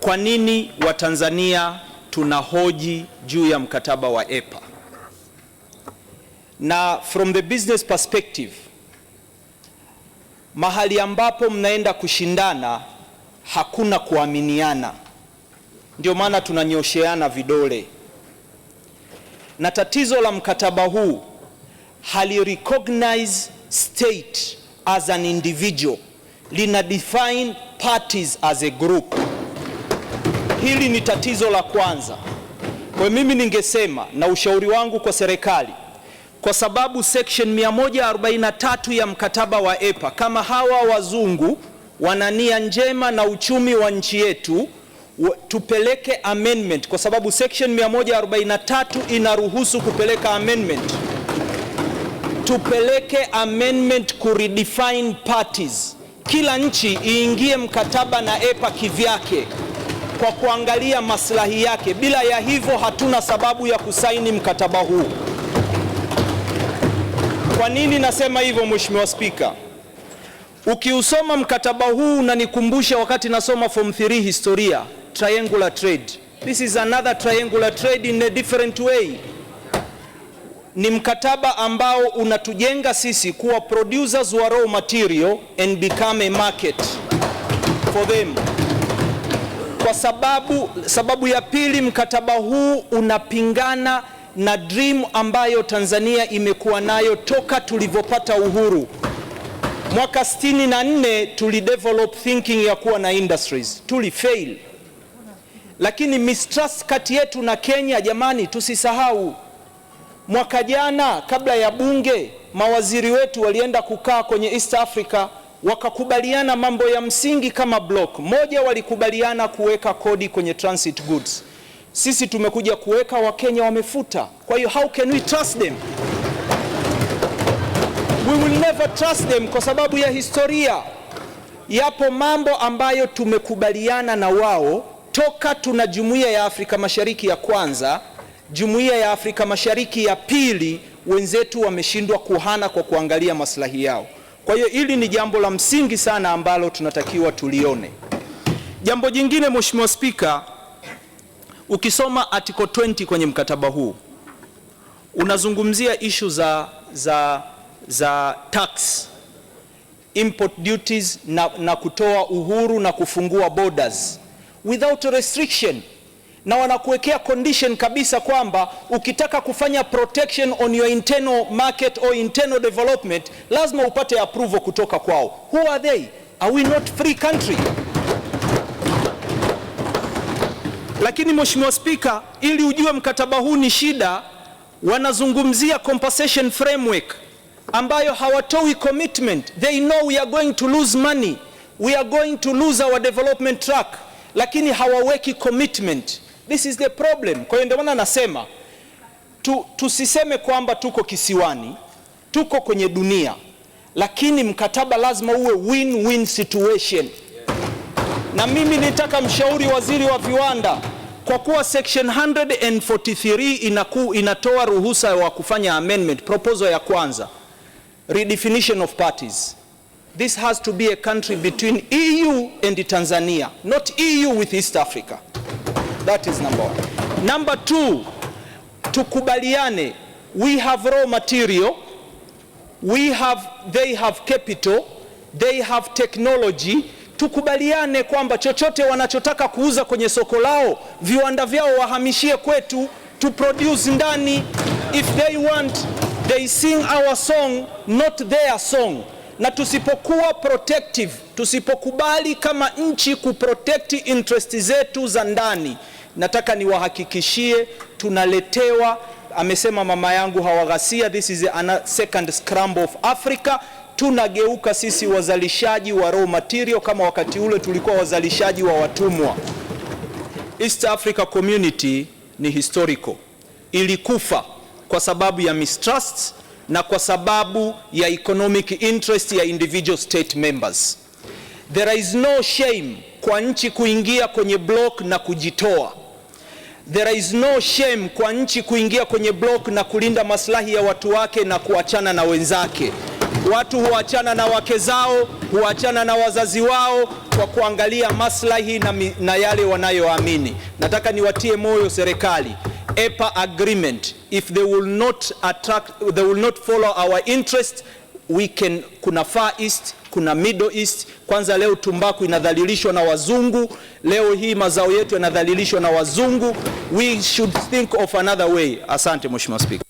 Kwa nini Watanzania tunahoji juu ya mkataba wa EPA? Na from the business perspective, mahali ambapo mnaenda kushindana hakuna kuaminiana, ndio maana tunanyosheana vidole, na tatizo la mkataba huu hali recognize state as an individual, lina define parties as a group. Hili ni tatizo la kwanza. Kwa mimi ningesema na ushauri wangu kwa serikali, kwa sababu section 143 ya mkataba wa EPA, kama hawa wazungu wana nia njema na uchumi wa nchi yetu, tupeleke amendment, kwa sababu section 143 inaruhusu kupeleka amendment. Tupeleke amendment redefine parties, kila nchi iingie mkataba na EPA kivyake kwa kuangalia maslahi yake. Bila ya hivyo, hatuna sababu ya kusaini mkataba huu. Kwa nini nasema hivyo, Mheshimiwa Spika? Ukiusoma mkataba huu unanikumbusha wakati nasoma form 3 historia, triangular trade. This is another triangular trade in a different way. Ni mkataba ambao unatujenga sisi kuwa producers wa raw material and become a market for them kwa sababu, sababu ya pili, mkataba huu unapingana na dream ambayo Tanzania imekuwa nayo toka tulivyopata uhuru mwaka 64. Tulidevelop thinking ya kuwa na industries, tulifail. Lakini mistrust kati yetu na Kenya, jamani, tusisahau mwaka jana, kabla ya bunge, mawaziri wetu walienda kukaa kwenye East Africa wakakubaliana mambo ya msingi kama block moja, walikubaliana kuweka kodi kwenye transit goods. Sisi tumekuja kuweka, Wakenya wamefuta. Kwa hiyo how can we trust them? We will never trust them kwa sababu ya historia. Yapo mambo ambayo tumekubaliana na wao toka tuna jumuiya ya Afrika Mashariki ya kwanza, jumuiya ya Afrika Mashariki ya pili, wenzetu wameshindwa kuhana kwa kuangalia maslahi yao. Kwa hiyo hili ni jambo la msingi sana ambalo tunatakiwa tulione. Jambo jingine Mheshimiwa Spika, ukisoma article 20 kwenye mkataba huu unazungumzia issue za, za, za tax import duties na, na kutoa uhuru na kufungua borders without restriction na wanakuwekea condition kabisa kwamba ukitaka kufanya protection on your internal market or internal development lazima upate approval kutoka kwao. Who are they? Are we not free country? Lakini Mheshimiwa Spika, ili ujue mkataba huu ni shida, wanazungumzia compensation framework ambayo hawatoi commitment. They know we are going to lose money, we are going to lose our development track, lakini hawaweki commitment. This is the problem. Kwa hiyo ndio maana nasema tu, tusiseme kwamba tuko kisiwani, tuko kwenye dunia, lakini mkataba lazima uwe win-win situation. Na mimi nitaka mshauri waziri wa viwanda, kwa kuwa section 143 inaku, inatoa ruhusa wa kufanya amendment proposal ya kwanza redefinition of parties this has to be a country between EU and Tanzania not EU with East Africa that is number one. Number two, tukubaliane we have raw material, we have they have capital, they have technology. Tukubaliane kwamba chochote wanachotaka kuuza kwenye soko lao viwanda vyao wahamishie kwetu to produce ndani. If they want they sing our song not their song. Na tusipokuwa protective, tusipokubali kama nchi kuprotect interest zetu za ndani nataka niwahakikishie tunaletewa, amesema mama yangu Hawa Ghasia, this is a second scramble of Africa. Tunageuka sisi wazalishaji wa raw material, kama wakati ule tulikuwa wazalishaji wa watumwa. East Africa Community ni historical, ilikufa kwa sababu ya mistrust na kwa sababu ya economic interest ya individual state members. There is no shame kwa nchi kuingia kwenye block na kujitoa. There is no shame kwa nchi kuingia kwenye block na kulinda maslahi ya watu wake na kuachana na wenzake. Watu huachana na wake zao, huachana na wazazi wao kwa kuangalia maslahi na, na yale wanayoamini. Nataka niwatie moyo serikali. EPA agreement if they will not attract, they will not follow our interest we can kuna Far East kuna Middle East. Kwanza leo tumbaku inadhalilishwa na wazungu, leo hii mazao yetu yanadhalilishwa na wazungu. We should think of another way. Asante Mheshimiwa Spika.